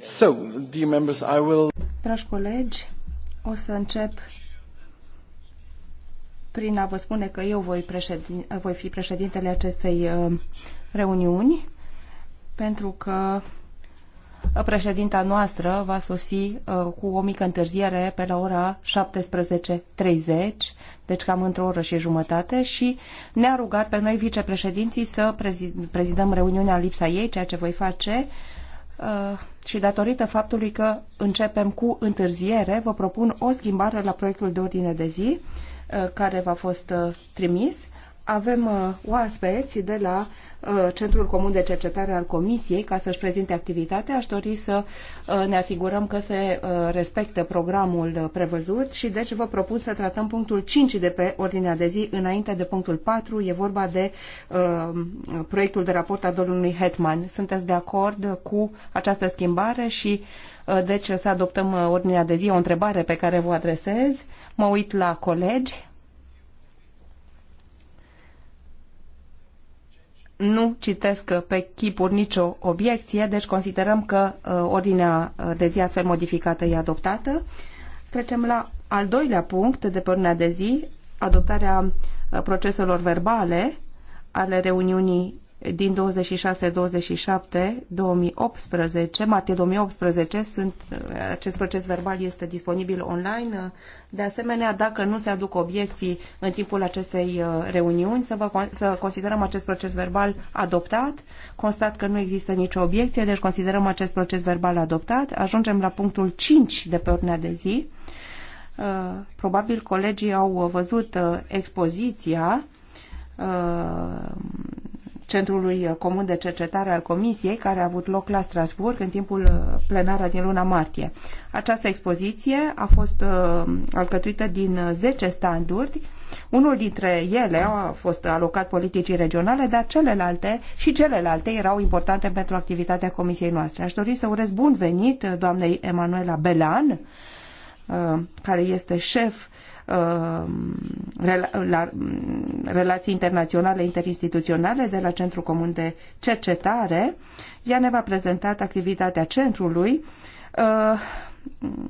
So, dear members, I will... Dragi colegi, o să încep prin a vă spune că eu voi, președin, voi fi președintele acestei uh, reuniuni, pentru că președinta noastră va sosi uh, cu o mică întârziere pe la ora 17.30, deci cam într-o oră și jumătate și ne-a rugat pe noi vicepreședinții să prezidăm reuniunea în lipsa ei, ceea ce voi face uh, și datorită faptului că începem cu întârziere, vă propun o schimbare la proiectul de ordine de zi uh, care v-a fost trimis. Avem oaspeți de la Uh, Centrul Comun de Cercetare al Comisiei ca să-și prezinte activitatea. Aș dori să uh, ne asigurăm că se uh, respectă programul prevăzut și deci vă propun să tratăm punctul 5 de pe ordinea de zi înainte de punctul 4. E vorba de proiectul de raport al domnului Hetman. Sunteți de acord cu această schimbare și deci să adoptăm ordinea de zi o întrebare pe care vă adresez. Mă uit la colegi. nu citesc pe chipuri nicio obiecție, deci considerăm că uh, ordinea uh, de zi astfel modificată e adoptată. Trecem la al doilea punct de pe ordinea de zi, adoptarea uh, proceselor verbale ale reuniunii din 26-27 2018, martie 2018, sunt, acest proces verbal este disponibil online. De asemenea, dacă nu se aduc obiecții în timpul acestei uh, reuniuni, să, vă, să considerăm acest proces verbal adoptat. Constat că nu există nicio obiecție, deci considerăm acest proces verbal adoptat. Ajungem la punctul 5 de pe ordinea de zi. Uh, probabil colegii au văzut uh, expoziția Centrului Comun de Cercetare al Comisiei, care a avut loc la Strasburg în timpul uh, plenară din luna martie. Această expoziție a fost uh, alcătuită din 10 uh, standuri. Unul dintre ele a fost alocat politicii regionale, dar celelalte și celelalte erau importante pentru activitatea Comisiei noastre. Aș dori să urez bun venit doamnei Emanuela Belan, care este șef Um, la mm, relații internaționale interinstituționale de la Centrul Comun de Cercetare. Ea ne va prezenta activitatea centrului, uh,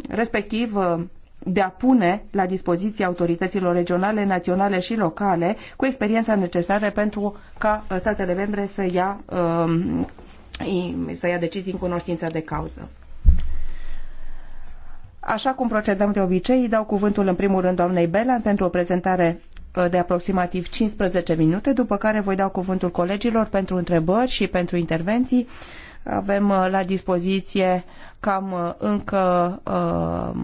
respectiv uh, de a pune la dispoziție autorităților regionale, naționale și locale cu experiența necesară pentru ca uh, statele membre să ia, um, să ia decizii în cunoștință de cauză. Așa cum procedăm de obicei, îi dau cuvântul în primul rând doamnei Belan pentru o prezentare uh, de aproximativ 15 minute, după care voi da cuvântul colegilor pentru întrebări și pentru intervenții. Avem uh, la dispoziție cam uh, încă uh,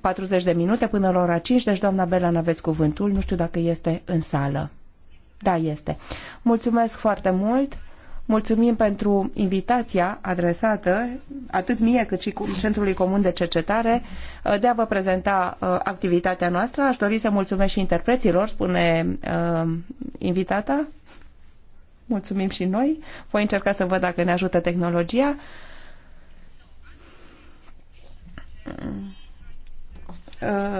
40 de minute până la ora 5, deci doamna Belan aveți cuvântul, nu știu dacă este în sală. Da, este. Mulțumesc foarte mult. Mulțumim pentru invitația adresată atât mie cât și Centrului Comun de Cercetare uh, de a vă prezenta uh, activitatea noastră. Aș dori să mulțumesc și interpreților, spune uh, invitata. Mulțumim și noi. Voi încerca să văd dacă ne ajută tehnologia.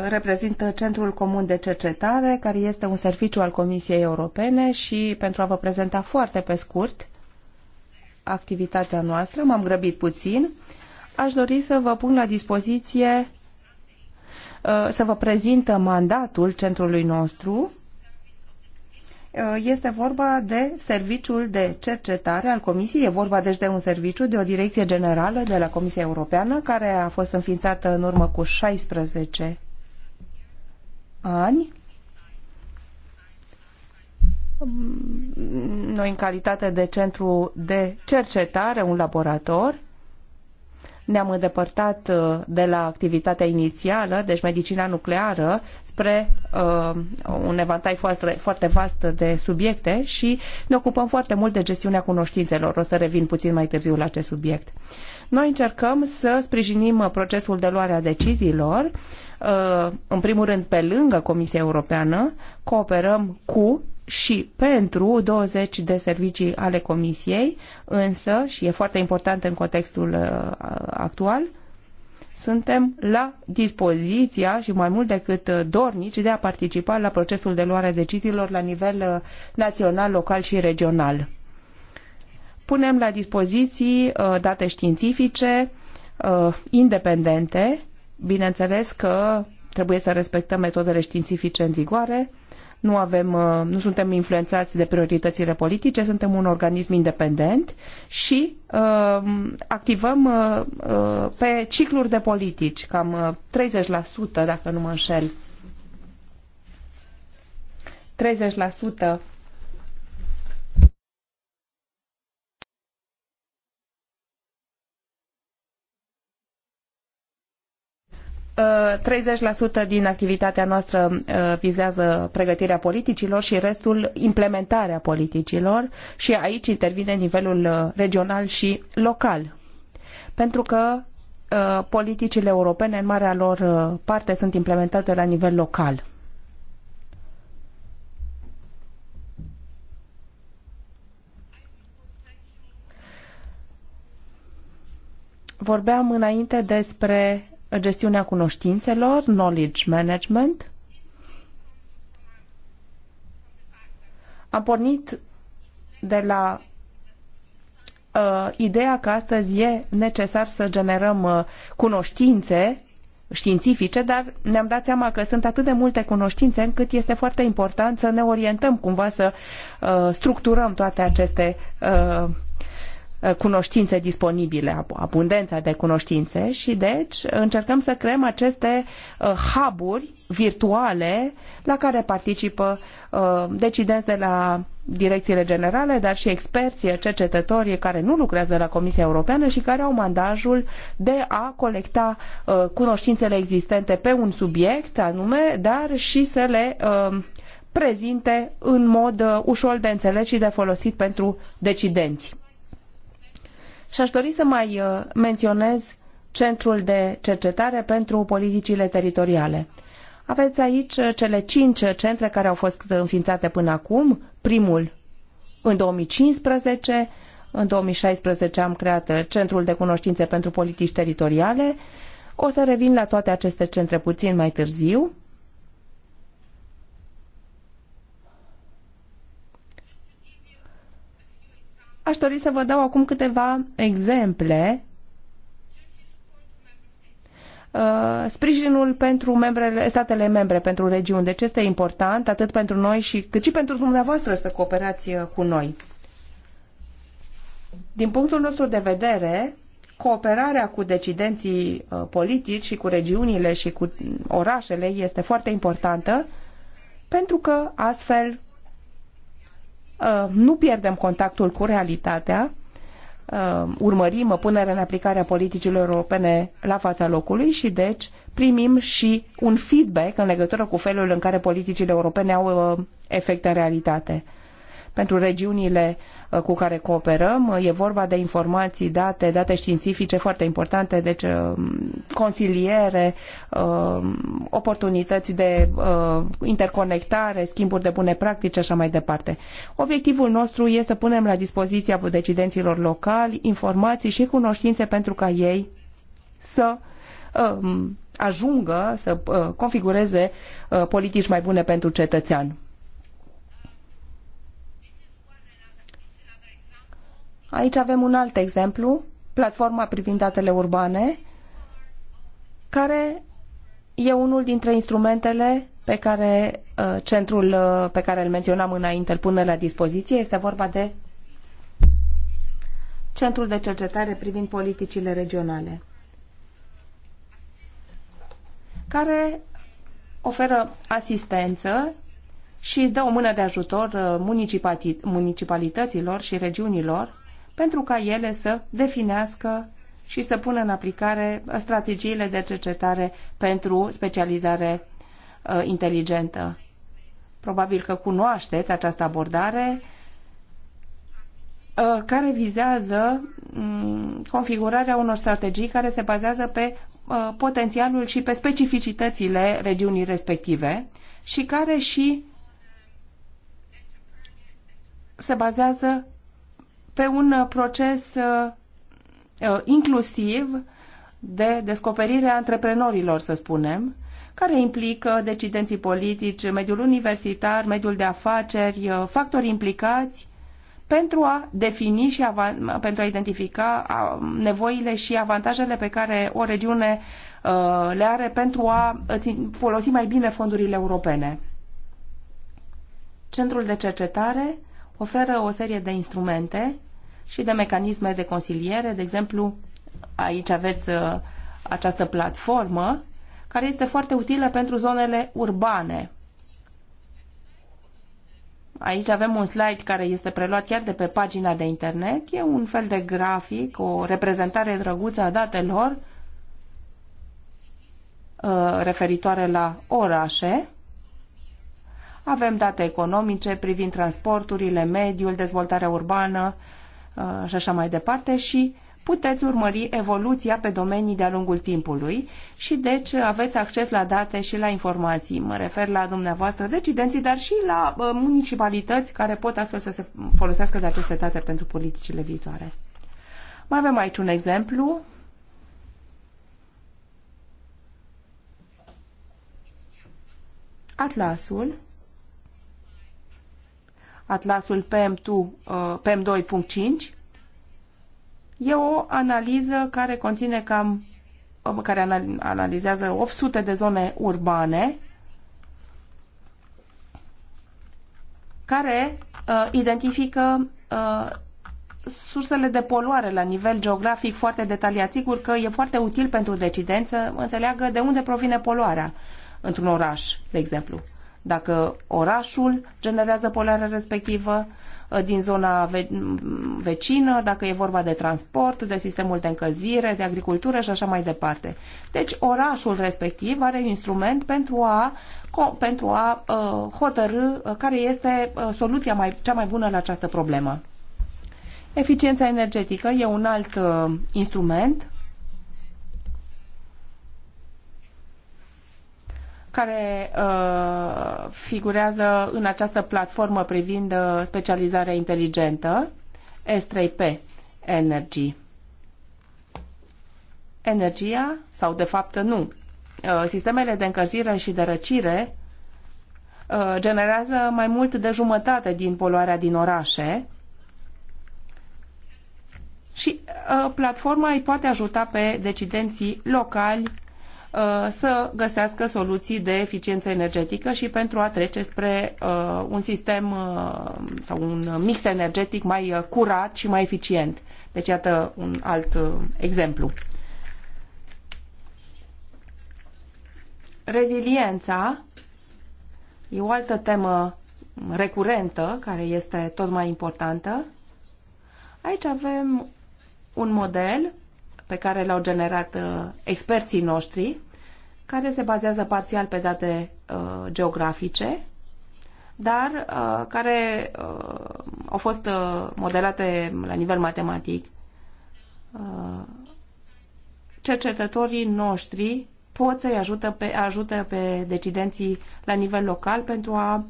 reprezintă Centrul Comun de Cercetare, care este un serviciu al Comisiei Europene și pentru a vă prezenta foarte pe scurt activitatea noastră. M-am grăbit puțin. Aș dori să vă pun la dispoziție, uh, să vă prezint mandatul centrului nostru. Uh, este vorba de serviciul de cercetare al Comisiei, e vorba deci de un serviciu de o direcție generală de la Comisia Europeană, care a fost înființată în urmă cu 16 ani noi, în calitate de centru de cercetare, un laborator, ne-am îndepărtat uh, de la activitatea inițială, deci medicina nucleară, spre uh, un evantai foarte, foarte vast de subiecte și ne ocupăm foarte mult de gestiunea cunoștințelor. O să revin puțin mai târziu la acest subiect. Noi încercăm să sprijinim procesul de luare a deciziilor, uh, în primul rând pe lângă Comisia Europeană, cooperăm cu și pentru 20 de servicii ale Comisiei, însă, și e foarte important în contextul uh, actual, suntem la dispoziția și mai mult decât uh, dornici de a participa la procesul de luare deciziilor la nivel uh, național, local și regional. Punem la dispoziții date științifice independente, bineînțeles că trebuie să respectăm metodele științifice în vigoare, nu, avem, uh, nu suntem influențați de prioritățile politice, suntem un organism independent și uh, activăm uh, uh pe cicluri de politici, cam 30%, uh, dacă nu mă înșel. 30% 30% din activitatea noastră uh, vizează pregătirea politicilor și restul implementarea politicilor și aici intervine nivelul uh, regional și local. Pentru că uh, politicile europene în marea lor parte sunt implementate la nivel local. Vorbeam înainte despre gestiunea cunoștințelor, knowledge management. Am pornit de la uh, ideea că astăzi e necesar să generăm uh, cunoștințe științifice, dar ne-am dat seama că sunt atât de multe cunoștințe încât este foarte important să ne orientăm cumva să uh, structurăm toate aceste uh, Uh, cunoștințe disponibile, abundența de cunoștințe și deci încercăm să creăm aceste uh, hub-uri virtuale la care participă uh, decidenți de la direcțiile generale, dar și experții, cercetătorii care nu lucrează la Comisia Europeană și care au mandajul de a colecta cunoștințele existente pe un subiect anume, dar și să le prezinte în mod ușor de înțeles și de folosit pentru decidenți. Și aș dori să mai uh, menționez Centrul de Cercetare pentru Politicile Teritoriale. Aveți aici uh, cele cinci centre care au fost înființate până acum. Primul în 2015, în 2016 am creat uh, Centrul de Cunoștințe pentru Politici Teritoriale. O să revin la toate aceste centre puțin mai târziu. Aș dori să vă dau acum câteva exemple uh, sprijinul pentru membrele, statele membre, pentru regiuni. Deci este important atât pentru noi și, cât și pentru dumneavoastră să cooperați uh, cu noi. Din punctul nostru de vedere, cooperarea cu decidenții uh, politici și cu regiunile și cu orașele este foarte importantă pentru că astfel Uh, nu pierdem contactul cu realitatea, uh, urmărim punerea în aplicare a politicilor europene la fața locului și deci primim și un feedback în legătură cu felul în care politicile europene au uh, efecte în realitate. Pentru regiunile uh, Uh, cu care cooperăm. Uh, e vorba de informații, date, date științifice foarte importante, deci uh, consiliere, oportunități de interconectare, schimburi de bune practici așa mai departe. Obiectivul nostru este să punem la dispoziția decidenților locali informații și cunoștințe pentru ca ei să ajungă să configureze politici mai bune pentru cetățean. Aici avem un alt exemplu, platforma privind datele urbane, care e unul dintre instrumentele pe care uh, centrul uh, pe care îl menționam înainte îl pune la dispoziție. Este vorba de Centrul de Cercetare privind politicile regionale, care oferă asistență și dă o mână de ajutor uh, municipalităților și regiunilor pentru ca ele să definească și să pună în aplicare strategiile de cercetare pentru specializare uh, inteligentă. Probabil că cunoașteți această abordare uh, care vizează um, configurarea unor strategii care se bazează pe uh, potențialul și pe specificitățile regiunii respective și care și se bazează pe un uh, proces uh, uh, inclusiv de descoperire a antreprenorilor, să spunem, care implică decidenții politici, mediul universitar, mediul de afaceri, factori implicați pentru a defini și pentru a identifica nevoile și avantajele pe care o regiune le are pentru a folosi mai bine fondurile europene. Centrul de cercetare oferă o serie de instrumente și de mecanisme de consiliere. De exemplu, aici aveți uh, această platformă care este foarte utilă pentru zonele urbane. Aici avem un slide care este preluat chiar de pe pagina de internet. E un fel de grafic, o reprezentare drăguță a datelor uh, referitoare la orașe. Avem date economice privind transporturile, mediul, dezvoltarea urbană, Uh, și așa mai departe și puteți urmări evoluția pe domenii de-a lungul timpului și deci aveți acces la date și la informații. Mă refer la dumneavoastră decidenții, dar și la uh, municipalități care pot astfel să se folosească de aceste date pentru politicile viitoare. Mai avem aici un exemplu. Atlasul atlasul PM2.5. Uh, PM e o analiză care conține cam uh, care analizează 800 de zone urbane care uh, identifică uh, sursele de poluare la nivel geografic foarte detaliat. Sigur că e foarte util pentru decidenți să înțeleagă de unde provine poluarea într-un oraș, de exemplu dacă orașul generează poluarea respectivă ă, din zona ve vecină, dacă e vorba de transport, de sistemul de încălzire, de agricultură și așa mai departe. Deci orașul respectiv are un instrument pentru a, pentru a uh, hotărâ ă, care este soluția mai, cea mai bună la această problemă. Eficiența energetică e un alt uh, instrument care uh, figurează în această platformă privind uh, specializarea inteligentă, S3P Energy. Energia, sau de fapt nu, uh, sistemele de încălzire și de răcire uh, generează mai mult de jumătate din poluarea din orașe, și uh, platforma îi poate ajuta pe decidenții locali Uh, să găsească soluții de eficiență energetică și pentru a trece spre uh, un sistem uh, sau un mix energetic mai curat și mai eficient. Deci, iată un alt exemplu. Reziliența e o altă temă recurentă care este tot mai importantă. Aici avem un model pe care le-au generat uh, experții noștri, care se bazează parțial pe date uh, geografice, dar uh, care au fost modelate la nivel matematic. Cercetătorii noștri pot să-i ajută pe, ajută pe decidenții la nivel local pentru a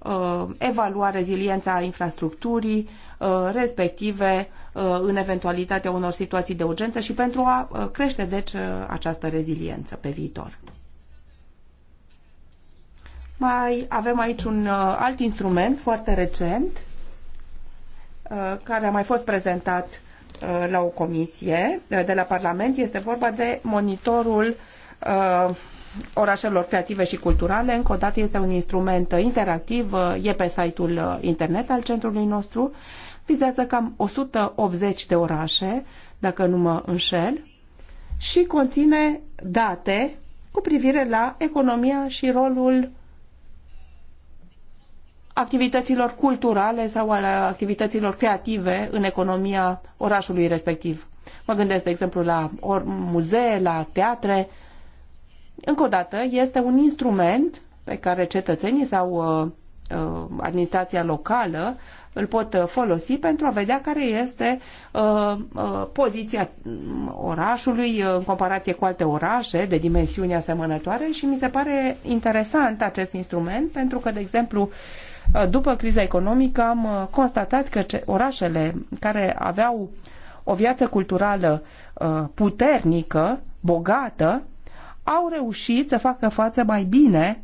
Uh, evalua reziliența infrastructurii uh, respective uh, în eventualitatea unor situații de urgență și pentru a crește deci această reziliență pe viitor. Mai avem aici un alt instrument foarte recent care a mai fost prezentat la o comisie de la Parlament. Este vorba de monitorul orașelor creative și culturale. Încă o dată este un instrument interactiv, e pe site-ul uh, internet al centrului nostru. Vizează cam 180 de orașe, dacă nu mă înșel, și conține date cu privire la economia și rolul activităților culturale sau ale activităților creative în economia orașului respectiv. Mă gândesc, de exemplu, la muzee, la teatre, încă o dată, este un instrument pe care cetățenii sau uh, uh, administrația locală îl pot uh, folosi pentru a vedea care este poziția mm, orașului în comparație cu alte orașe de dimensiuni asemănătoare și mi se pare interesant acest instrument pentru că, de exemplu, după criza economică am constatat că orașele care aveau o viață culturală puternică, bogată, au reușit să facă față mai bine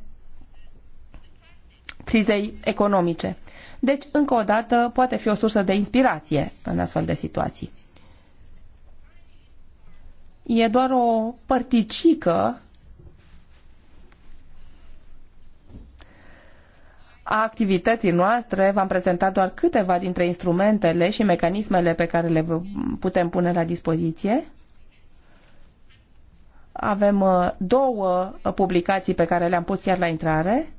crizei economice. Deci, încă o dată, poate fi o sursă de inspirație în astfel de situații. E doar o părticică a activității noastre. V-am prezentat doar câteva dintre instrumentele și mecanismele pe care le putem pune la dispoziție avem uh, două uh, publicații pe care le-am pus chiar la intrare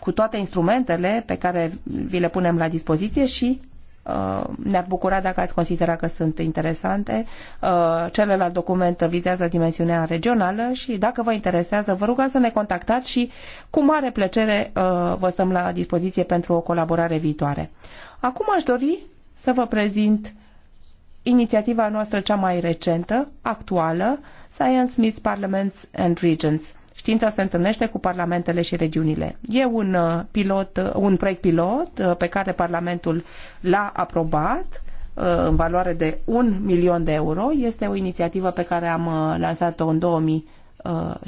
cu toate instrumentele pe care vi le punem la dispoziție și uh, ne-ar bucura dacă ați considera că sunt interesante. Uh, celălalt document vizează dimensiunea regională și dacă vă interesează, vă rugăm să ne contactați și cu mare plăcere uh, vă stăm la dispoziție pentru o colaborare viitoare. Acum aș dori să vă prezint inițiativa noastră cea mai recentă, actuală, Science Meets Parliaments and Regions. Știința se întâlnește cu parlamentele și regiunile. E un, uh, pilot, uh, un proiect pilot uh, pe care Parlamentul l-a aprobat în valoare de un milion de euro. Este o inițiativă pe care am lansat-o în 2000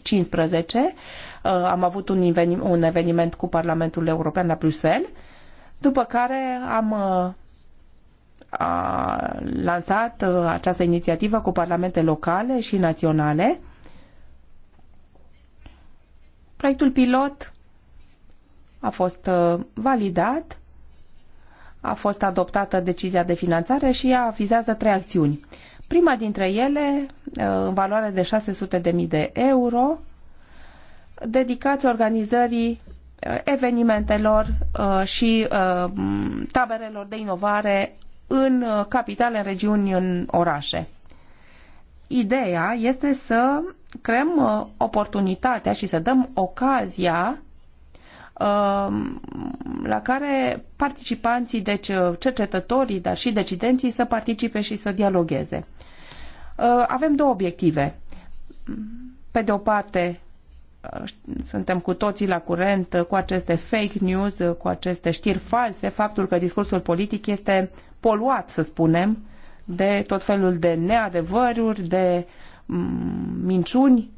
15. Am avut un, evenim- un eveniment cu Parlamentul European la Bruxelles, după care am a lansat uh, această inițiativă cu parlamente locale și naționale. Proiectul pilot a fost uh, validat, a fost adoptată decizia de finanțare și ea vizează trei acțiuni. Prima dintre ele, uh, în valoare de 600.000 de euro, dedicați organizării evenimentelor și taberelor de inovare în uh, capitale, în regiuni, în orașe. Ideea este să creăm uh, oportunitatea și să dăm ocazia uh, la care participanții, deci cercetătorii, dar și decidenții să participe și să dialogueze. Avem două obiective. Pe de o parte, suntem cu toții la curent cu aceste fake news, cu aceste știri false, faptul că discursul politic este poluat, să spunem, de tot felul de neadevăruri, de mm, minciuni.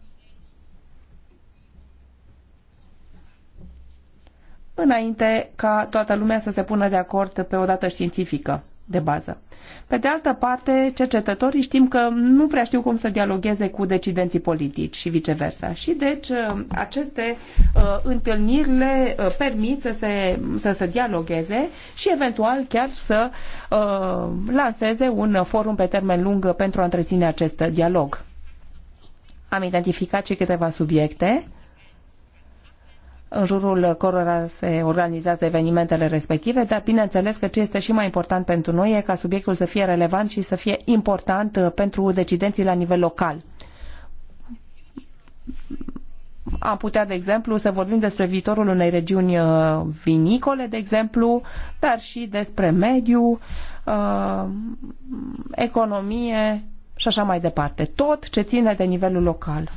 Înainte ca toată lumea să se pună de acord pe o dată științifică de bază. Pe de altă parte, cercetătorii știm că nu prea știu cum să dialogueze cu decidenții politici și viceversa. Și deci uh, aceste uh, întâlniri le uh, permit să se, să se dialogueze și eventual chiar să uh, lanseze un forum pe termen lung pentru a întreține acest dialog. Am identificat și câteva subiecte în jurul cărora se organizează evenimentele respective, dar bineînțeles că ce este și mai important pentru noi e ca subiectul să fie relevant și să fie important uh, pentru decidenții la nivel local. Am putea, de exemplu, să vorbim despre viitorul unei regiuni uh, vinicole, de exemplu, dar și despre mediu, uh, economie și așa mai departe. Tot ce ține de nivelul local.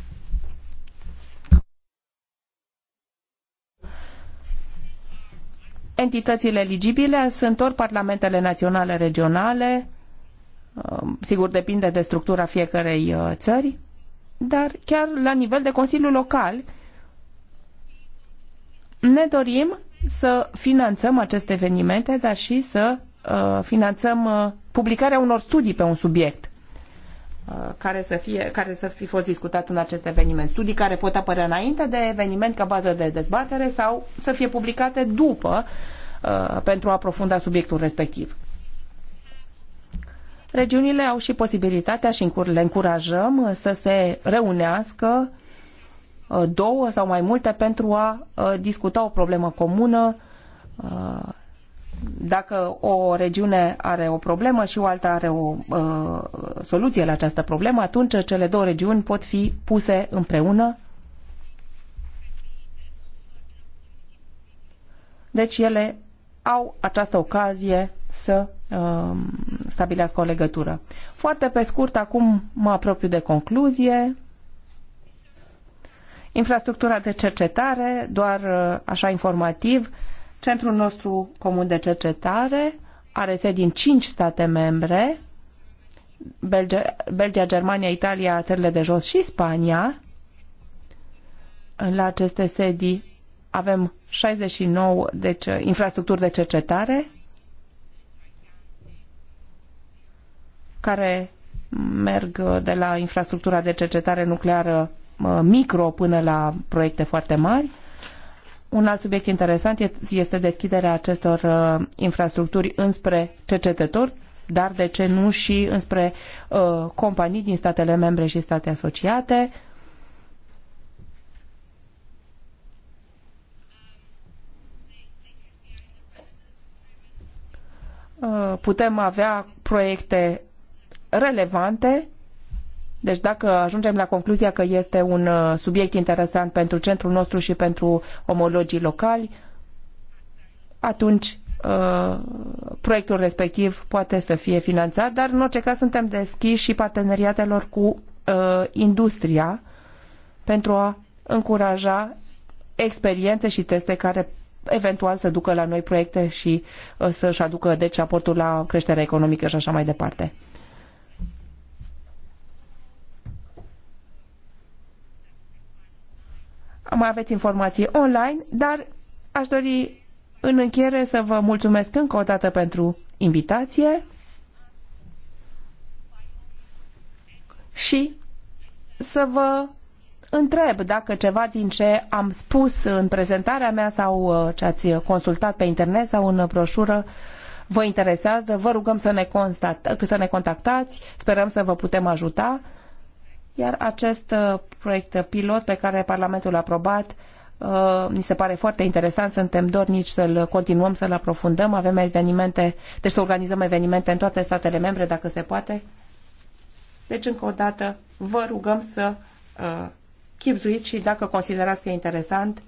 entitățile eligibile sunt ori parlamentele naționale, regionale, um, sigur depinde de structura fiecărei uh, țări, dar chiar la nivel de Consiliu Local ne dorim să finanțăm aceste evenimente, dar și să uh, finanțăm uh, publicarea unor studii pe un subiect. Uh, care să, fie, care să fi fost discutat în acest eveniment. Studii care pot apărea înainte de eveniment ca bază de dezbatere sau să fie publicate după uh, pentru a aprofunda subiectul respectiv. Regiunile au și posibilitatea și le încurajăm uh, să se reunească două sau mai multe pentru a discuta o problemă comună dacă o regiune are o problemă și o alta are o uh, soluție la această problemă, atunci cele două regiuni pot fi puse împreună. Deci ele au această ocazie să uh, stabilească o legătură. Foarte pe scurt, acum mă apropiu de concluzie. Infrastructura de cercetare, doar uh, așa informativ, uh, Centrul nostru comun de cercetare are sedi în cinci state membre, Belgia, Belgia, Germania, Italia, țările de jos și Spania. La aceste sedii avem 69 deci, infrastructuri de cercetare care merg uh, de la infrastructura de cercetare nucleară uh, micro până la proiecte foarte mari. Un alt subiect interesant este deschiderea acestor uh, infrastructuri înspre cercetători, dar de ce nu și înspre uh, companii din statele membre și state asociate. Uh, putem avea proiecte relevante deci dacă ajungem la concluzia că este un uh, subiect interesant pentru centrul nostru și pentru omologii locali, atunci uh, proiectul respectiv poate să fie finanțat, dar în orice caz suntem deschiși și parteneriatelor cu uh, industria pentru a încuraja experiențe și teste care eventual să ducă la noi proiecte și să-și aducă deci aportul la creșterea economică și așa mai departe. mai aveți informații online, dar aș dori în încheiere să vă mulțumesc încă o dată pentru invitație și să vă întreb dacă ceva din ce am spus în prezentarea mea sau uh, ce ați consultat pe internet sau în broșură vă interesează, vă rugăm să ne, constat, să ne contactați, sperăm să vă putem ajuta. Iar acest uh, proiect pilot pe care Parlamentul l-a aprobat mi uh, se pare foarte interesant, suntem dornici să-l continuăm, să-l aprofundăm, avem evenimente, deci să organizăm evenimente în toate statele membre, dacă se poate. Deci, încă o dată, vă rugăm să uh, chipzuiți și dacă considerați că e interesant,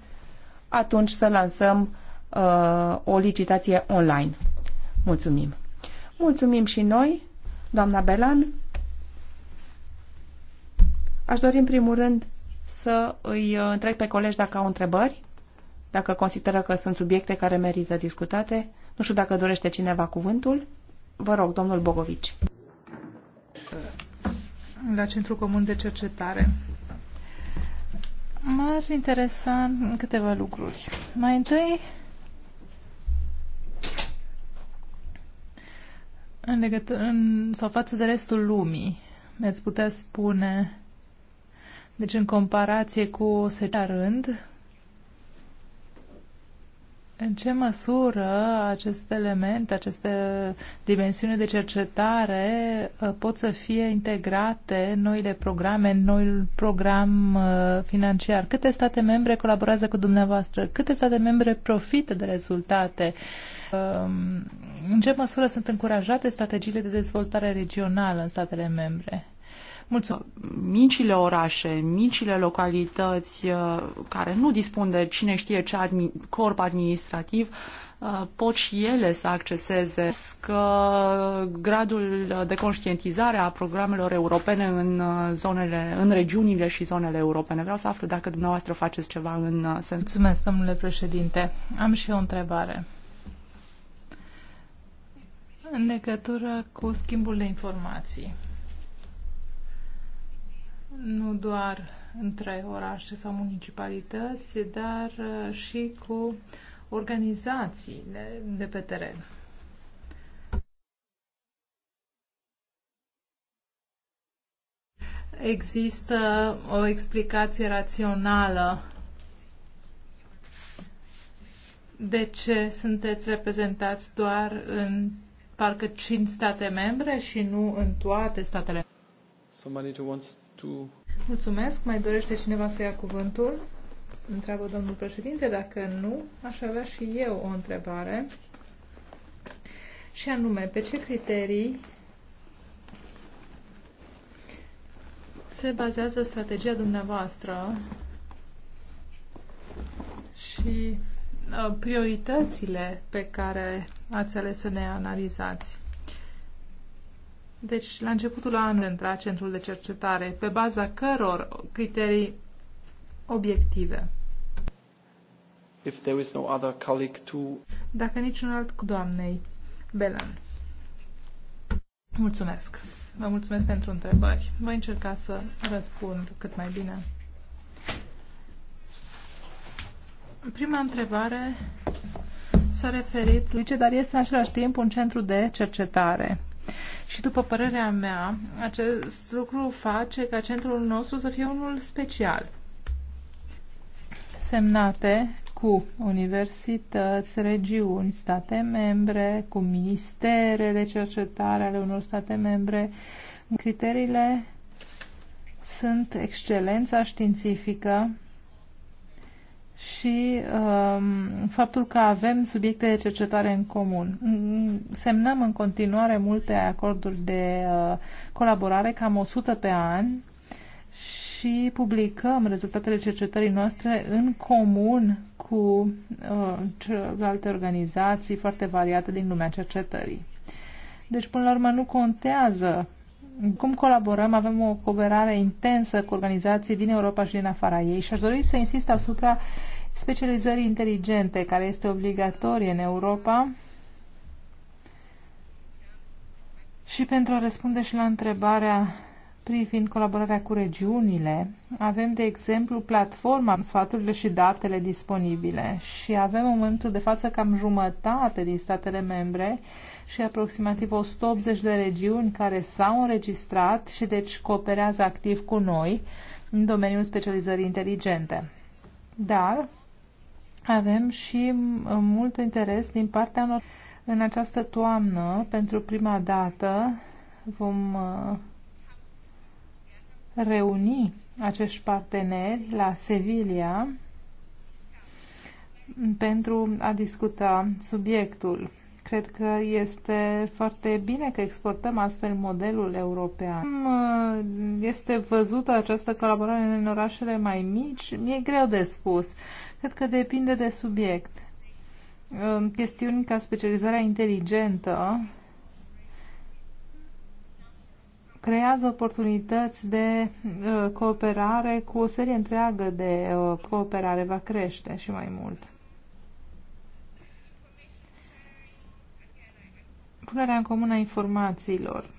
atunci să lansăm uh, o licitație online. Mulțumim! Mulțumim și noi, doamna Belan. Aș dori în primul rând să îi uh, întreb pe colegi dacă au întrebări, dacă consideră că sunt subiecte care merită discutate. Nu știu dacă dorește cineva cuvântul. Vă rog, domnul Bogovici. La Centrul Comun de Cercetare. M-ar interesa câteva lucruri. Mai întâi, în legătură, în, sau față de restul lumii, mi-ați putea spune deci în comparație cu secea rând, în ce măsură acest element, aceste dimensiuni de cercetare uh, pot să fie integrate în noile programe, în noul program uh, financiar? Câte state membre colaborează cu dumneavoastră? Câte state membre profită de rezultate? Um, în ce măsură sunt încurajate strategiile de dezvoltare regională în statele membre? Mulțumim. Micile orașe, micile localități uh, care nu dispun de cine știe ce admi- corp administrativ uh, pot și ele să acceseze că uh, gradul de conștientizare a programelor europene în zonele, în regiunile și zonele europene. Vreau să aflu dacă dumneavoastră faceți ceva în sens. Mulțumesc, domnule președinte. Am și o întrebare. În legătură cu schimbul de informații nu doar între orașe sau municipalități, dar uh, și cu organizațiile de pe teren. Există o explicație rațională de ce sunteți reprezentați doar în parcă 5 state membre și nu în toate statele. Somebody who wants to... Mulțumesc. Mai dorește cineva să ia cuvântul? Întreabă domnul președinte. Dacă nu, aș avea și eu o întrebare. Și anume, pe ce criterii se bazează strategia dumneavoastră și uh, prioritățile pe care ați ales să ne analizați? Deci, la începutul anului intra centrul de cercetare, pe baza căror criterii obiective. If there is no other colleague to... Dacă niciun alt cu doamnei Belan. Mulțumesc. Vă mulțumesc pentru întrebări. Voi încerca să răspund cât mai bine. Prima întrebare s-a referit, dar este în același timp un centru de cercetare și după părerea mea, acest lucru face ca centrul nostru să fie unul special. Semnate cu universități, regiuni, state membre, cu ministere de cercetare ale unor state membre. Criteriile sunt excelența științifică, și um, faptul că avem subiecte de cercetare în comun. Semnăm în continuare multe acorduri de uh, colaborare, cam 100 pe an, și publicăm rezultatele cercetării noastre în comun cu uh, alte organizații foarte variate din lumea cercetării. Deci, până la urmă, nu contează cum colaborăm, avem o cooperare intensă cu organizații din Europa și din afara ei și aș dori să insist asupra specializării inteligente, care este obligatorie în Europa și pentru a răspunde și la întrebarea privind colaborarea cu regiunile, avem, de exemplu, platforma, sfaturile și datele disponibile și avem în momentul de față cam jumătate din statele membre și aproximativ 180 de regiuni care s-au înregistrat și deci cooperează activ cu noi în domeniul specializării inteligente. Dar avem și mult interes din partea noastră în această toamnă, pentru prima dată, vom uh, reuni acești parteneri la Sevilla pentru a discuta subiectul. Cred că este foarte bine că exportăm astfel modelul european. Este văzută această colaborare în orașele mai mici? E greu de spus. Cred că depinde de subiect. Chestiuni ca specializarea inteligentă creează oportunități de uh, cooperare cu o serie întreagă de uh, cooperare, va crește și mai mult. Punerea în comun a informațiilor.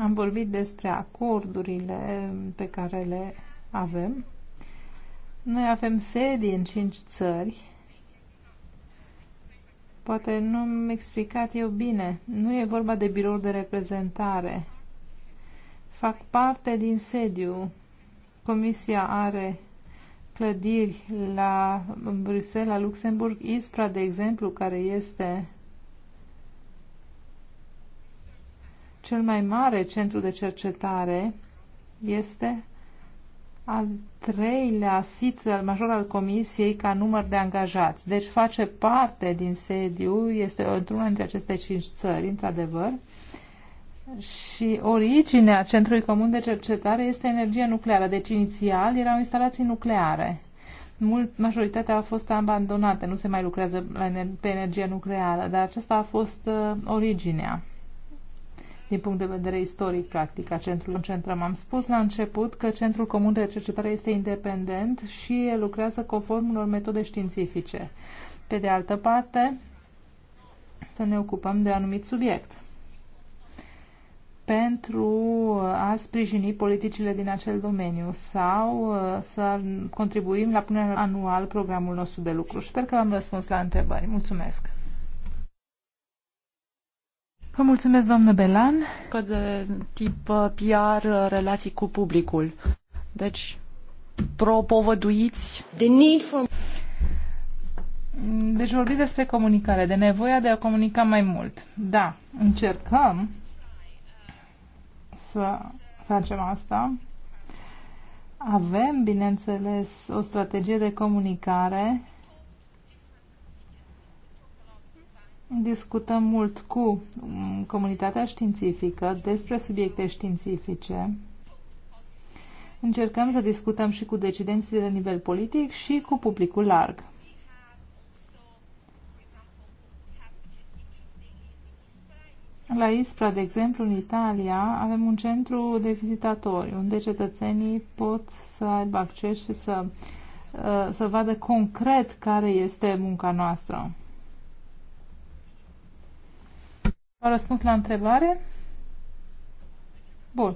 Am vorbit despre acordurile um, pe care le avem. Noi avem sedii în cinci țări. Poate nu am explicat eu bine. Nu e vorba de birouri de reprezentare fac parte din sediu. Comisia are clădiri la Bruxelles, la Luxemburg, Ispra, de exemplu, care este cel mai mare centru de cercetare, este al treilea sit al major al comisiei ca număr de angajați. Deci face parte din sediu, este într-una dintre aceste cinci țări, într-adevăr, și originea Centrului Comun de Cercetare este energia nucleară. Deci, inițial, erau instalații nucleare. Mult, majoritatea a fost abandonată, nu se mai lucrează pe energia nucleară, dar aceasta a fost uh, originea din punct de vedere istoric, practic, a centrului concentrăm. Am spus la început că Centrul Comun de Cercetare este independent și lucrează conform unor metode științifice. Pe de altă parte, să ne ocupăm de anumit subiect pentru a sprijini politicile din acel domeniu sau uh, să contribuim la punerea anual programul nostru de lucru. Sper că am răspuns la întrebări. Mulțumesc! Vă mulțumesc, doamnă Belan. Că de tip uh, PR, uh, relații cu publicul. Deci, propovăduiți. The need for... Deci vorbiți despre comunicare, de nevoia de a comunica mai mult. Da, încercăm să facem asta. Avem, bineînțeles, o strategie de comunicare. Discutăm mult cu mm, comunitatea științifică despre subiecte științifice. Încercăm să discutăm și cu decidenții de nivel politic și cu publicul larg. La Ispra, de exemplu, în Italia, avem un centru de vizitatori, unde cetățenii pot să aibă acces și să, uh, să vadă concret care este munca noastră. Au răspuns la întrebare? Bun.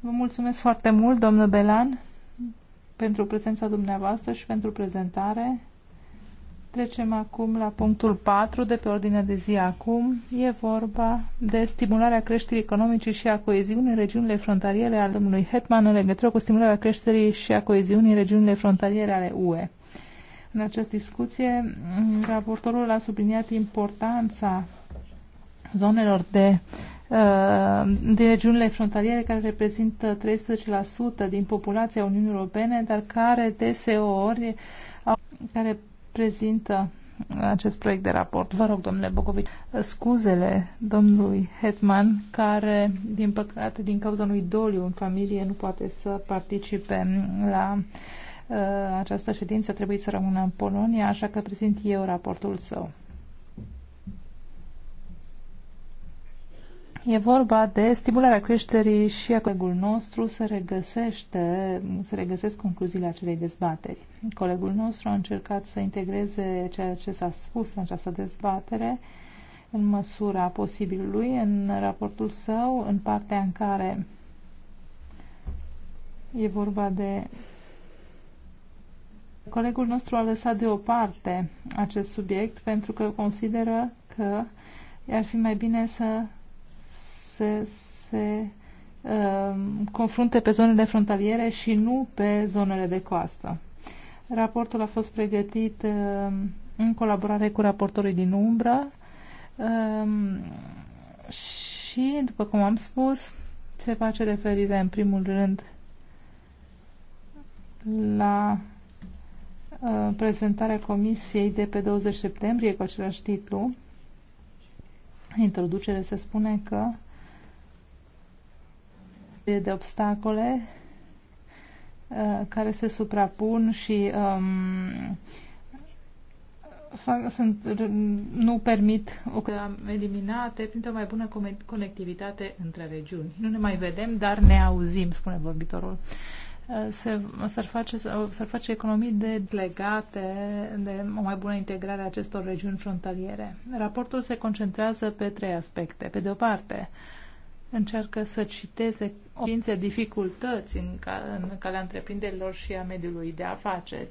Vă mulțumesc foarte mult, domnul Belan, pentru prezența dumneavoastră și pentru prezentare. Trecem acum la punctul 4 de pe ordinea de zi acum. E vorba de stimularea creșterii economice și a coeziunii în regiunile frontaliere ale domnului Hetman în legătură cu stimularea creșterii și a coeziunii în regiunile frontaliere ale UE. În această discuție, raportorul a subliniat importanța zonelor de uh, din regiunile frontaliere care reprezintă 13% din populația Uniunii Europene, dar care deseori care prezintă acest proiect de raport. Vă rog, domnule Bogovici, scuzele domnului Hetman, care, din păcate, din cauza unui doliu în familie, nu poate să participe la uh, această ședință, trebuie să rămână în Polonia, așa că prezint eu raportul său. E vorba de stimularea creșterii și a colegul nostru se, regăsește, se regăsesc concluziile acelei dezbateri. Colegul nostru a încercat să integreze ceea ce s-a spus în această dezbatere în măsura posibilului în raportul său, în partea în care e vorba de Colegul nostru a lăsat deoparte acest subiect pentru că consideră că ar fi mai bine să se, se uh, confrunte pe zonele frontaliere și nu pe zonele de coastă. Raportul a fost pregătit uh, în colaborare cu raportorii din umbră uh, și, după cum am spus, se face referire în primul rând la uh, prezentarea comisiei de pe 20 septembrie cu același titlu. Introducere se spune că de obstacole uh, care se suprapun și um, fac, sunt, nu permit o eliminate printr-o mai bună conectivitate între regiuni. Nu ne mai vedem, dar ne auzim, spune vorbitorul. Uh, s-ar face, s-ar face economii de legate de o mai bună integrare a acestor regiuni frontaliere. Raportul se concentrează pe trei aspecte. Pe de o parte, încearcă să citeze ființe dificultăți în, ca, în calea întreprinderilor și a mediului de afaceri.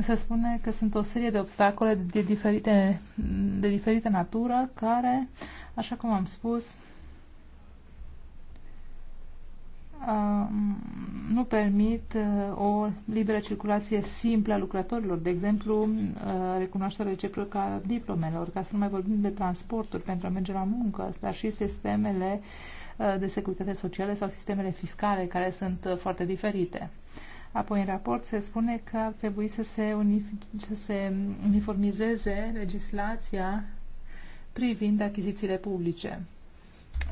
Se spune că sunt o serie de obstacole de diferite, de diferite natură care, așa cum am spus, nu permit uh, o liberă circulație simplă a lucrătorilor, de exemplu uh, recunoașterea reciprocă a diplomelor, ca să nu mai vorbim de transporturi pentru a merge la muncă, dar și sistemele uh, de securitate socială sau sistemele fiscale care sunt foarte diferite. Apoi în raport se spune că ar trebui să se, unif- să se uniformizeze legislația privind achizițiile publice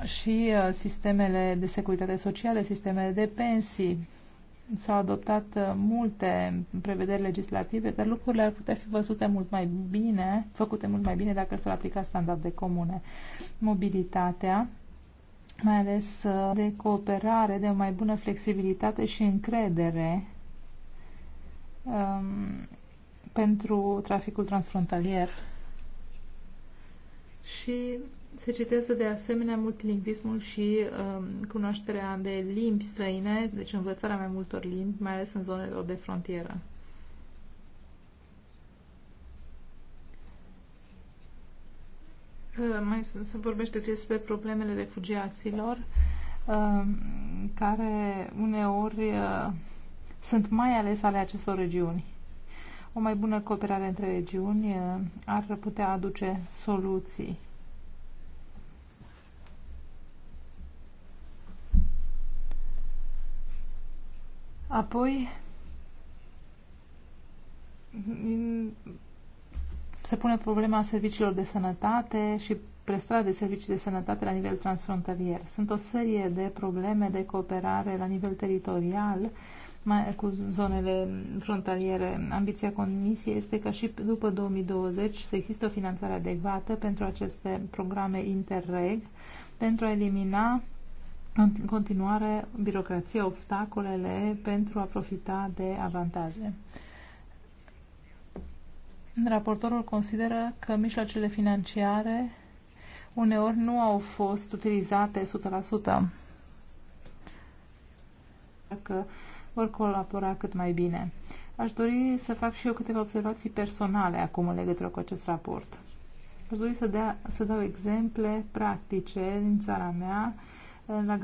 și uh, sistemele de securitate socială, sistemele de pensii. S-au adoptat uh, multe prevederi legislative, dar lucrurile ar putea fi văzute mult mai bine, făcute mult mai bine dacă s-ar aplica standarde comune. Mobilitatea, mai ales uh, de cooperare, de o mai bună flexibilitate și încredere um, pentru traficul transfrontalier și se citează de asemenea multilingvismul și um, cunoașterea de limbi străine, deci învățarea mai multor limbi, mai ales în zonelor de frontieră. Uh, mai se vorbește despre problemele refugiaților, uh, care uneori uh, sunt mai ales ale acestor regiuni. O mai bună cooperare între regiuni uh, ar putea aduce soluții Apoi se pune problema serviciilor de sănătate și prestarea de servicii de sănătate la nivel transfrontalier. Sunt o serie de probleme de cooperare la nivel teritorial mai, cu zonele frontaliere. Ambiția Comisiei este ca și după 2020 să existe o finanțare adecvată pentru aceste programe interreg pentru a elimina în continuare birocrație, obstacolele pentru a profita de avantaje. Raportorul consideră că mijloacele financiare uneori nu au fost utilizate 100%. Că vor colabora cât mai bine. Aș dori să fac și eu câteva observații personale acum în legătură cu acest raport. Aș dori să, dea, să dau exemple practice din țara mea la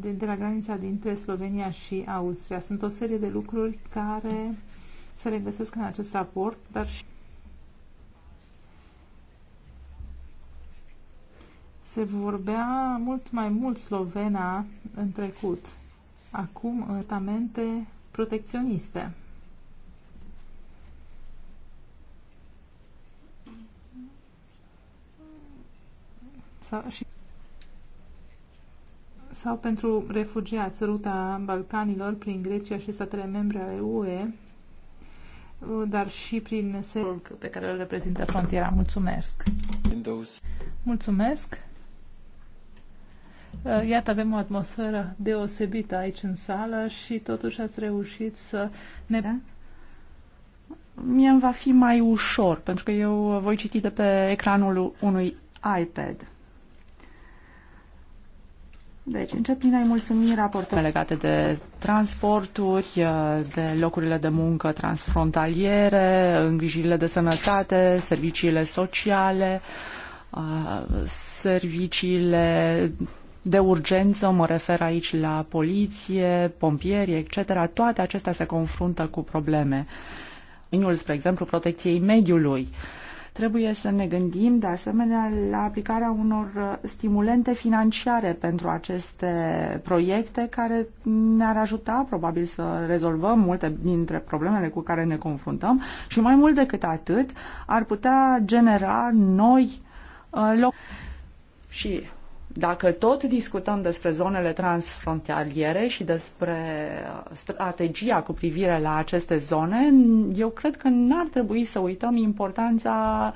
de, de la granița dintre Slovenia și Austria. Sunt o serie de lucruri care se regăsesc în acest raport, dar și se vorbea mult mai mult slovena în trecut. Acum, tratamente protecționiste. Sau și sau pentru refugiați, ruta Balcanilor prin Grecia și statele membre ale UE, uh, dar și prin serul pe care îl reprezintă frontiera. Mulțumesc! Mulțumesc! Uh, iată, avem o atmosferă deosebită aici în sală și totuși ați reușit să ne... Da? Mie îmi va fi mai ușor, pentru că eu voi citi de pe ecranul unui iPad. Deci, încep prin a-i mulțumi raportorului. Legate de transporturi, uh, de locurile de muncă transfrontaliere, îngrijirile de sănătate, serviciile sociale, uh, serviciile de urgență, mă refer aici la poliție, pompieri, etc. Toate acestea se confruntă cu probleme. Inul, spre exemplu, protecției mediului. Uh, Trebuie să ne gândim de asemenea la aplicarea unor uh, stimulente financiare pentru aceste proiecte care ne-ar ajuta probabil să rezolvăm multe dintre problemele cu care ne confruntăm și mai mult decât atât ar putea genera noi uh, locuri. Și dacă tot discutăm despre zonele transfrontaliere și despre uh, strategia cu privire la aceste zone, eu cred că n-ar trebui să uităm importanța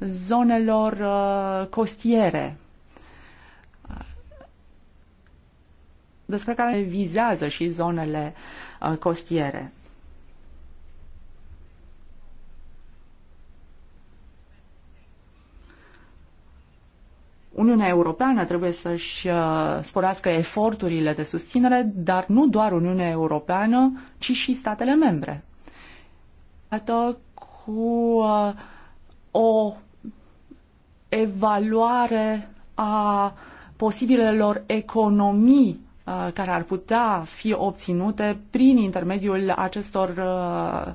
zonelor uh, costiere uh, despre care vizează și zonele costiere. Uniunea Europeană trebuie să-și uh, sporească eforturile de susținere, dar nu doar Uniunea Europeană, ci și statele membre. Iată cu uh, o evaluare a posibilelor economii uh, care ar putea fi obținute prin intermediul acestor uh,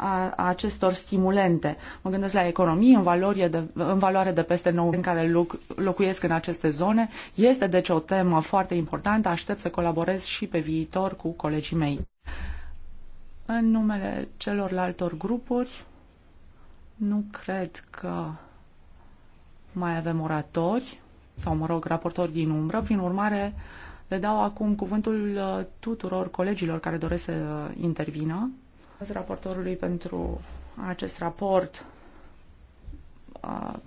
a, a acestor stimulente. Mă gândesc la economii în, de, în valoare de peste 9 în care loc, locuiesc în aceste zone. Este deci o temă foarte importantă. Aștept să colaborez și pe viitor cu colegii mei. În numele celorlaltor grupuri, nu cred că mai avem oratori sau, mă rog, raportori din umbră. Prin urmare, le dau acum cuvântul uh, tuturor colegilor care doresc să uh, intervină raportorului pentru acest raport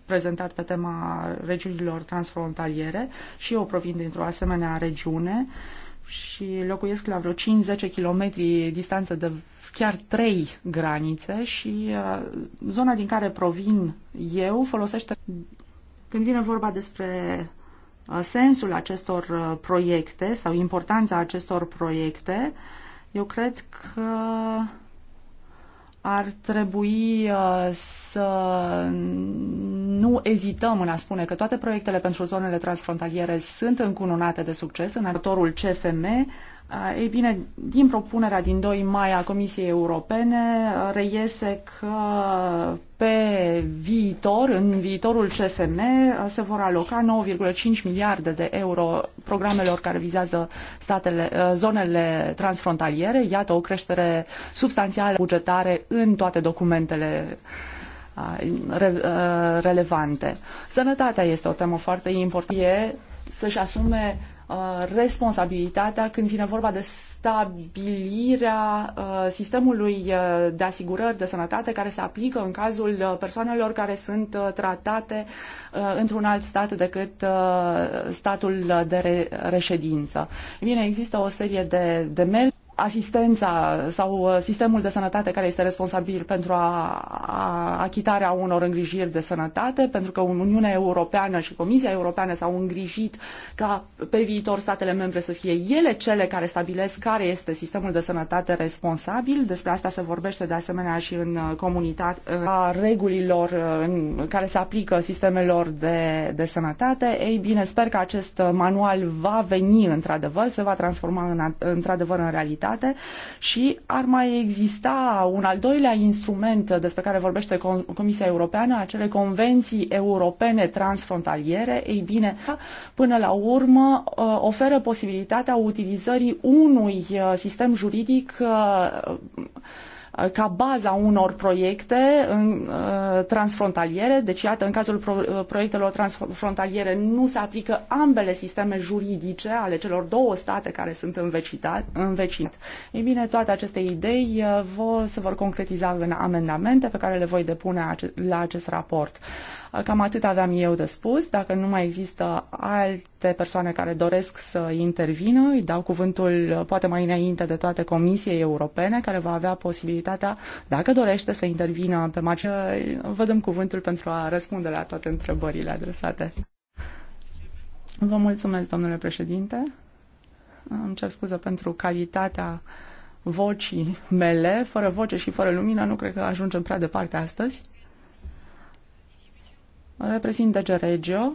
prezentat pe tema regiunilor transfrontaliere și eu provin dintr-o asemenea regiune și locuiesc la vreo 5-10 km distanță de chiar trei granițe și zona din care provin eu folosește când vine vorba despre sensul acestor proiecte sau importanța acestor proiecte, eu cred că ar trebui uh, să nu ezităm în a spune că toate proiectele pentru zonele transfrontaliere sunt încununate de succes în ajutorul CFM, Ah, ei bine, din propunerea din 2 mai a Comisiei Europene ah, reiese că pe viitor, în viitorul CFM, ah, se vor aloca 9,5 miliarde de euro programelor care vizează statele, zonele transfrontaliere. Iată o creștere substanțială bugetare în toate documentele relevante. Sănătatea este o temă foarte importantă. E să-și asume Uh, responsabilitatea când vine vorba de stabilirea uh, sistemului uh, de asigurări de sănătate care se aplică în cazul persoanelor care sunt tratate într-un alt stat decât statul de reședință. Bine, există o serie de, de meri asistența sau uh, sistemul de sănătate care este responsabil pentru a, a achitarea unor îngrijiri de sănătate, pentru că Uniunea Europeană și Comisia Europeană s-au îngrijit ca pe viitor statele membre să fie ele cele care stabilesc care este sistemul de sănătate responsabil. Despre asta se vorbește de asemenea și în uh, comunitatea uh, regulilor în care se aplică sistemelor de, de sănătate. Ei bine, sper că acest manual va veni într-adevăr, se va transforma în, într-adevăr în realitate securitate și ar mai exista un al doilea instrument despre care vorbește Comisia Europeană, acele convenții europene transfrontaliere. Ei bine, până la urmă uh, oferă posibilitatea utilizării unui uh, sistem juridic uh, Uh, ca baza unor proiecte în, uh, transfrontaliere. Deci, iată, în cazul uh, proiectelor transfrontaliere nu se aplică ambele sisteme juridice ale celor două state care sunt învecinate. Ei bine, toate aceste idei vor, se vor concretiza în amendamente pe care le voi depune la acest raport. Cam atât aveam eu de spus. Dacă nu mai există alte persoane care doresc să intervină, îi dau cuvântul poate mai înainte de toate Comisiei Europene, care va avea posibilitatea, dacă dorește, să intervină pe marge, Vă dăm cuvântul pentru a răspunde la toate întrebările adresate. Vă mulțumesc, domnule președinte. Îmi cer scuză pentru calitatea vocii mele. Fără voce și fără lumină nu cred că ajungem prea departe astăzi reprezintă Regio